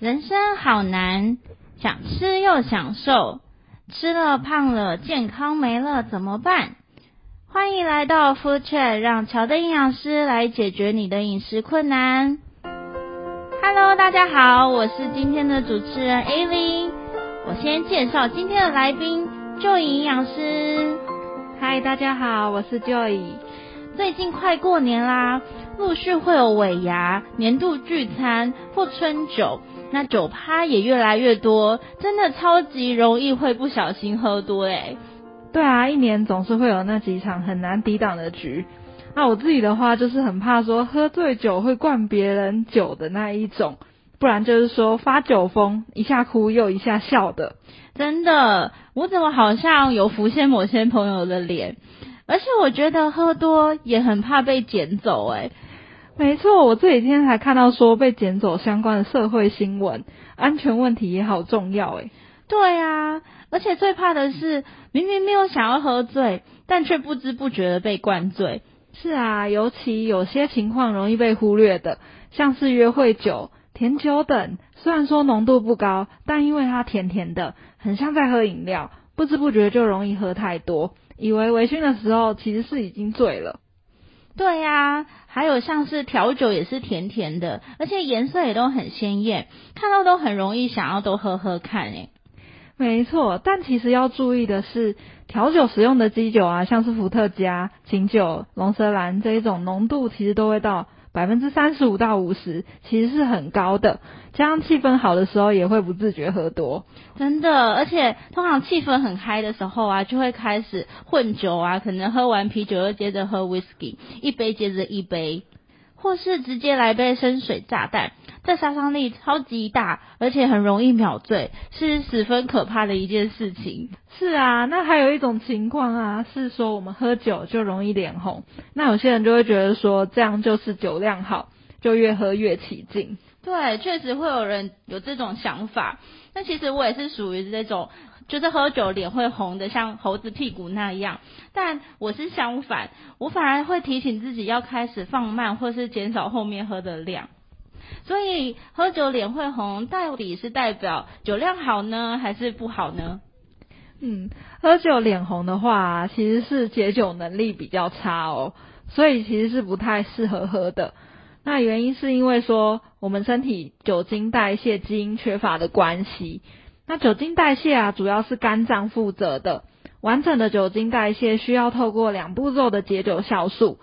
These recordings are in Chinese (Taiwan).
人生好難，想吃又想瘦，吃了胖了，健康沒了，怎麼辦？歡迎來到 Food Chat，讓喬的營養師來解決你的飲食困難。Hello，大家好，我是今天的主持人 Aly，我先介紹今天的來賓 Joy 營養師。Hi，大家好，我是 Joy。最近快過年啦，陸續會有尾牙、年度聚餐或春酒。那酒趴也越來越多，真的超級容易會不小心喝多欸，對啊，一年總是會有那幾場很難抵擋的局。那我自己的話，就是很怕說喝醉酒會灌別人酒的那一種，不然就是說發酒瘋，一下哭又一下笑的。真的，我怎麼好像有浮現某些朋友的臉？而且我覺得喝多也很怕被撿走欸。沒錯，我這幾天才看到說被撿走相關的社會新聞，安全問題也好重要哎。對啊，而且最怕的是明明沒有想要喝醉，但卻不知不覺的被灌醉。是啊，尤其有些情況容易被忽略的，像是約會酒、甜酒等，雖然說濃度不高，但因為它甜甜的，很像在喝飲料，不知不覺就容易喝太多，以為微醺的時候，其實是已經醉了。對啊。還有像是調酒也是甜甜的，而且顏色也都很鮮豔，看到都很容易想要多喝喝看誒、欸。沒錯，但其實要注意的是，調酒使用的基酒啊，像是伏特加、琴酒、龍舌蘭這一種，濃度其實都會到，百分之三十五到五十其實是很高的，加上氣氛好的時候也會不自覺喝多，真的。而且通常氣氛很嗨的時候啊，就會開始混酒啊，可能喝完啤酒又接着喝 whisky，一杯接着一杯，或是直接來杯深水炸彈。這殺傷力超級大，而且很容易秒醉，是十分可怕的一件事情。是啊，那還有一種情況啊，是說我們喝酒就容易臉紅，那有些人就會覺得說這樣就是酒量好，就越喝越起勁。對，確實會有人有這種想法。那其實我也是屬於這種，就是喝酒臉會紅的，像猴子屁股那樣。但我是相反，我反而會提醒自己要開始放慢，或是減少後面喝的量。所以喝酒臉會紅，到底是代表酒量好呢，還是不好呢？嗯，喝酒臉紅的話啊，其實是解酒能力比較差哦，所以其實是不太適合喝的。那原因是因為說我們身體酒精代謝基因缺乏的關係。那酒精代謝啊，主要是肝臟負責的，完整的酒精代謝需要透過兩步驟的解酒酵素。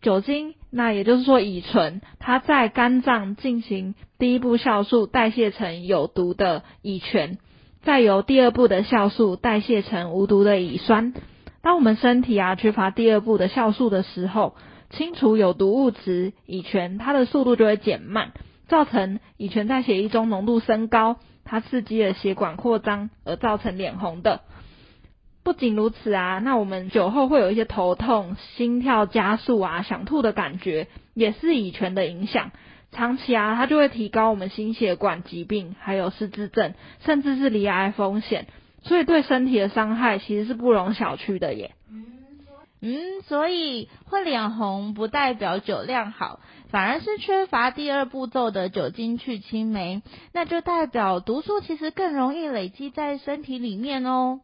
酒精，那也就是說乙醇，它在肝臟進行第一步酵素代謝成有毒的乙醛，再由第二步的酵素代謝成無毒的乙酸。當我們身體啊缺乏第二步的酵素的時候，清除有毒物質乙醛，它的速度就會減慢，造成乙醛在血液中濃度升高，它刺激了血管擴張，而造成臉紅的。不僅如此啊，那我們酒後會有一些頭痛、心跳加速啊、想吐的感覺，也是乙醛的影響。長期啊，它就會提高我們心血管疾病、還有失智症，甚至是罹癌風險。所以對身體的傷害其實是不容小覷的耶。嗯，所以會臉紅不代表酒量好，反而是缺乏第二步驟的酒精去氫酶，那就代表毒素其實更容易累積在身體裡面哦。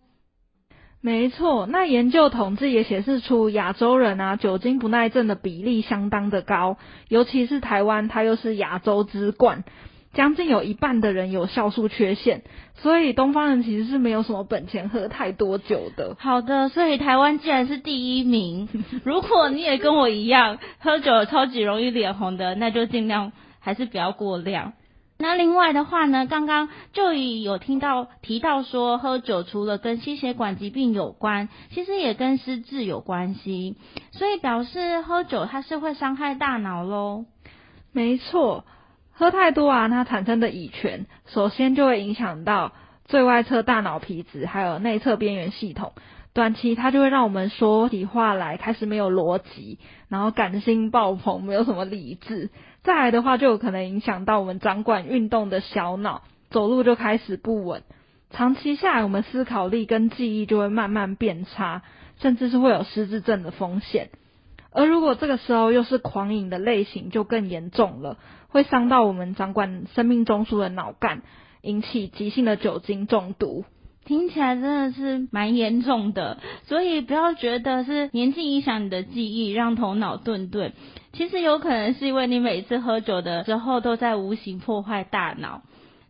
沒錯，那研究統計也顯示出亞洲人啊，酒精不耐症的比例相當的高，尤其是台灣，它又是亞洲之冠，將近有一半的人有酵素缺陷，所以東方人其實是沒有什麼本錢喝太多酒的。好的，所以台灣既然是第一名，如果你也跟我一樣喝酒有超級容易臉紅的，那就盡量還是不要過量。那另外的話呢，剛剛就已有聽到提到說，喝酒除了跟心血管疾病有關，其實也跟失智有關係，所以表示喝酒它是會傷害大腦嘍。沒錯，喝太多啊，它產生的乙醛，首先就會影響到最外側大腦皮質，還有內側邊緣系統。短期它就會讓我們說起話來開始沒有邏輯，然後感性爆棚，沒有什麼理智。再來的話就有可能影響到我們掌管運動的小腦，走路就開始不穩。長期下來，我們思考力跟記憶就會慢慢變差，甚至是會有失智症的風險。而如果這個時候又是狂飲的類型，就更嚴重了，會傷到我們掌管生命中樞的腦幹，引起急性的酒精中毒。聽起來真的是蠻嚴重的，所以不要覺得是年紀影響你的記憶，讓頭腦鈍鈍。其實有可能是因為你每次喝酒的時候都在無形破壞大腦。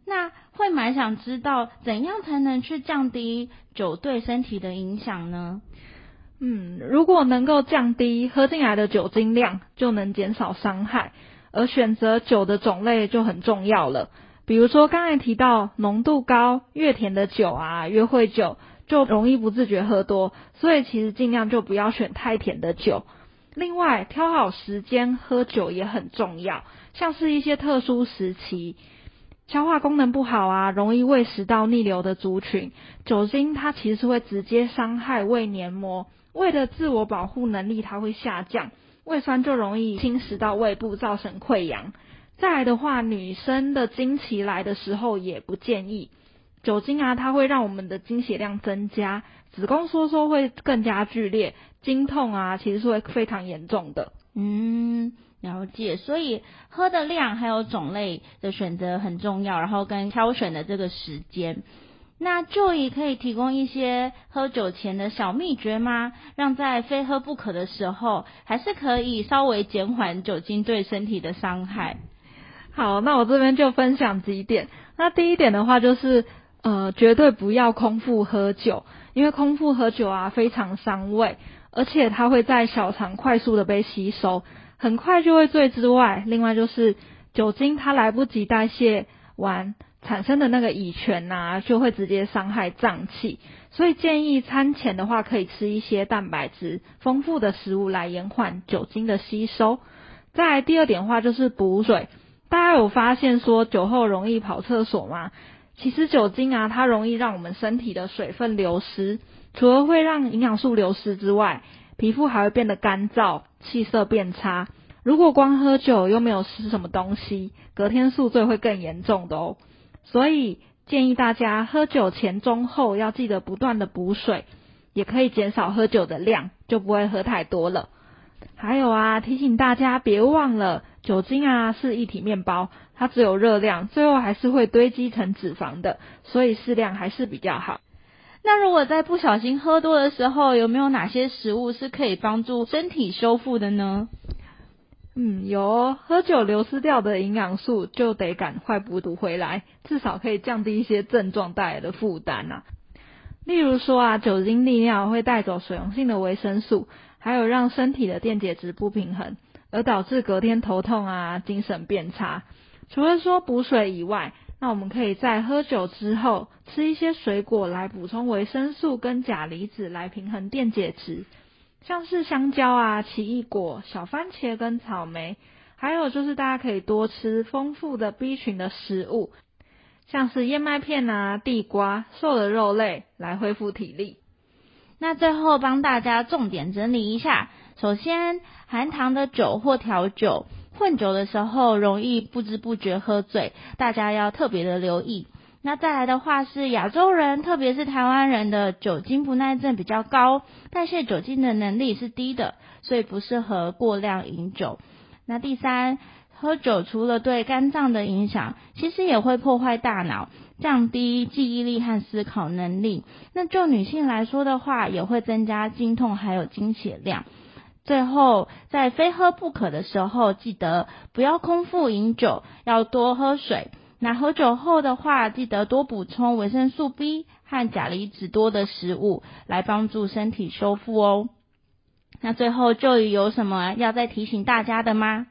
那會蠻想知道，怎樣才能去降低酒對身體的影響呢？嗯，如果能夠降低喝進來的酒精量，就能減少傷害，而選擇酒的種類就很重要了。比如說，剛才提到濃度高、越甜的酒啊，越會酒就容易不自覺喝多，所以其實儘量就不要選太甜的酒。另外，挑好時間喝酒也很重要，像是一些特殊時期，消化功能不好啊，容易胃食道逆流的族群，酒精它其實是會直接傷害胃黏膜，胃的自我保護能力它會下降，胃酸就容易侵蝕到胃部，造成潰瘍。再來的話，女生的經期來的時候也不建議酒精啊，它會讓我們的經血量增加，子宮收縮會更加劇烈，經痛啊其實是會非常嚴重的。嗯，了解。所以喝的量還有種類的選擇很重要，然後跟挑選的這個時間。那就理可以提供一些喝酒前的小秘訣嗎？讓在非喝不可的時候，還是可以稍微減緩酒精對身體的傷害。好，那我這邊就分享幾點。那第一點的話就是，呃，絕對不要空腹喝酒，因為空腹喝酒啊，非常傷胃，而且它會在小腸快速的被吸收，很快就會醉之外，另外就是酒精它來不及代謝完，產生的那個乙醛吶，就會直接傷害臟器。所以建議餐前的話，可以吃一些蛋白質豐富的食物來延緩酒精的吸收。再來第二點的話就是補水。大家有發現說酒後容易跑廁所嗎？其實酒精啊，它容易讓我們身體的水分流失，除了會讓營養素流失之外，皮膚還會變得乾燥，氣色變差。如果光喝酒又沒有吃什麼東西，隔天宿醉會更嚴重的哦。所以建議大家喝酒前、中、後要記得不斷的補水，也可以減少喝酒的量，就不會喝太多了。還有啊，提醒大家別忘了，酒精啊，是液體麵包，它只有熱量，最後還是會堆積成脂肪的，所以適量還是比較好。那如果在不小心喝多的時候，有沒有哪些食物是可以幫助身體修復的呢？嗯，有、哦，喝酒流失掉的營養素就得趕快補補回來，至少可以降低一些症狀帶來的負擔啊。例如說啊，酒精利尿會帶走水溶性的維生素，還有讓身體的電解質不平衡。而導致隔天頭痛啊，精神變差。除了說補水以外，那我們可以在喝酒之後吃一些水果來補充維生素跟鉀離子來平衡電解質，像是香蕉啊、奇異果、小番茄跟草莓，還有就是大家可以多吃豐富的 B 群的食物，像是燕麥片啊、地瓜、瘦的肉類來恢復體力。那最後幫大家重點整理一下。首先，含糖的酒或調酒混酒的時候，容易不知不覺喝醉，大家要特別的留意。那再來的話是亞洲人，特別是台灣人的酒精不耐症比較高，代謝酒精的能力是低的，所以不適合過量飲酒。那第三，喝酒除了對肝臟的影響，其實也會破壞大腦，降低記憶力和思考能力。那就女性來說的話，也會增加經痛還有經血量。最後，在非喝不可的時候，記得不要空腹飲酒，要多喝水。那喝酒後的話，記得多補充維生素 B 和鉀離子多的食物，來幫助身體修復哦。那最後就以有什麼要再提醒大家的嗎？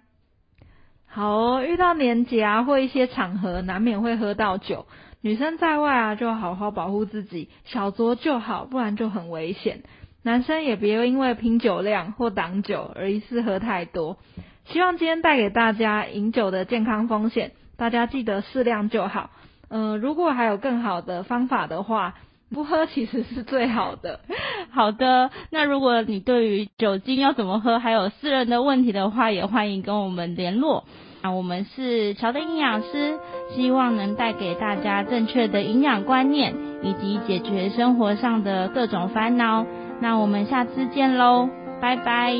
好哦，遇到年節啊或一些場合，難免會喝到酒，女生在外啊，就好好保護自己，小酌就好，不然就很危險。男生也別因為拼酒量或擋酒而一次喝太多。希望今天帶給大家飲酒的健康風險，大家記得適量就好。嗯，如果還有更好的方法的話，不喝其實是最好的。好的，那如果你對於酒精要怎麼喝，還有私人的問題的話，也歡迎跟我們聯絡。啊，我們是喬的營養師，希望能帶給大家正確的營養觀念，以及解決生活上的各種煩惱。那我們下次見嘍，拜拜，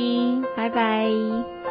拜拜。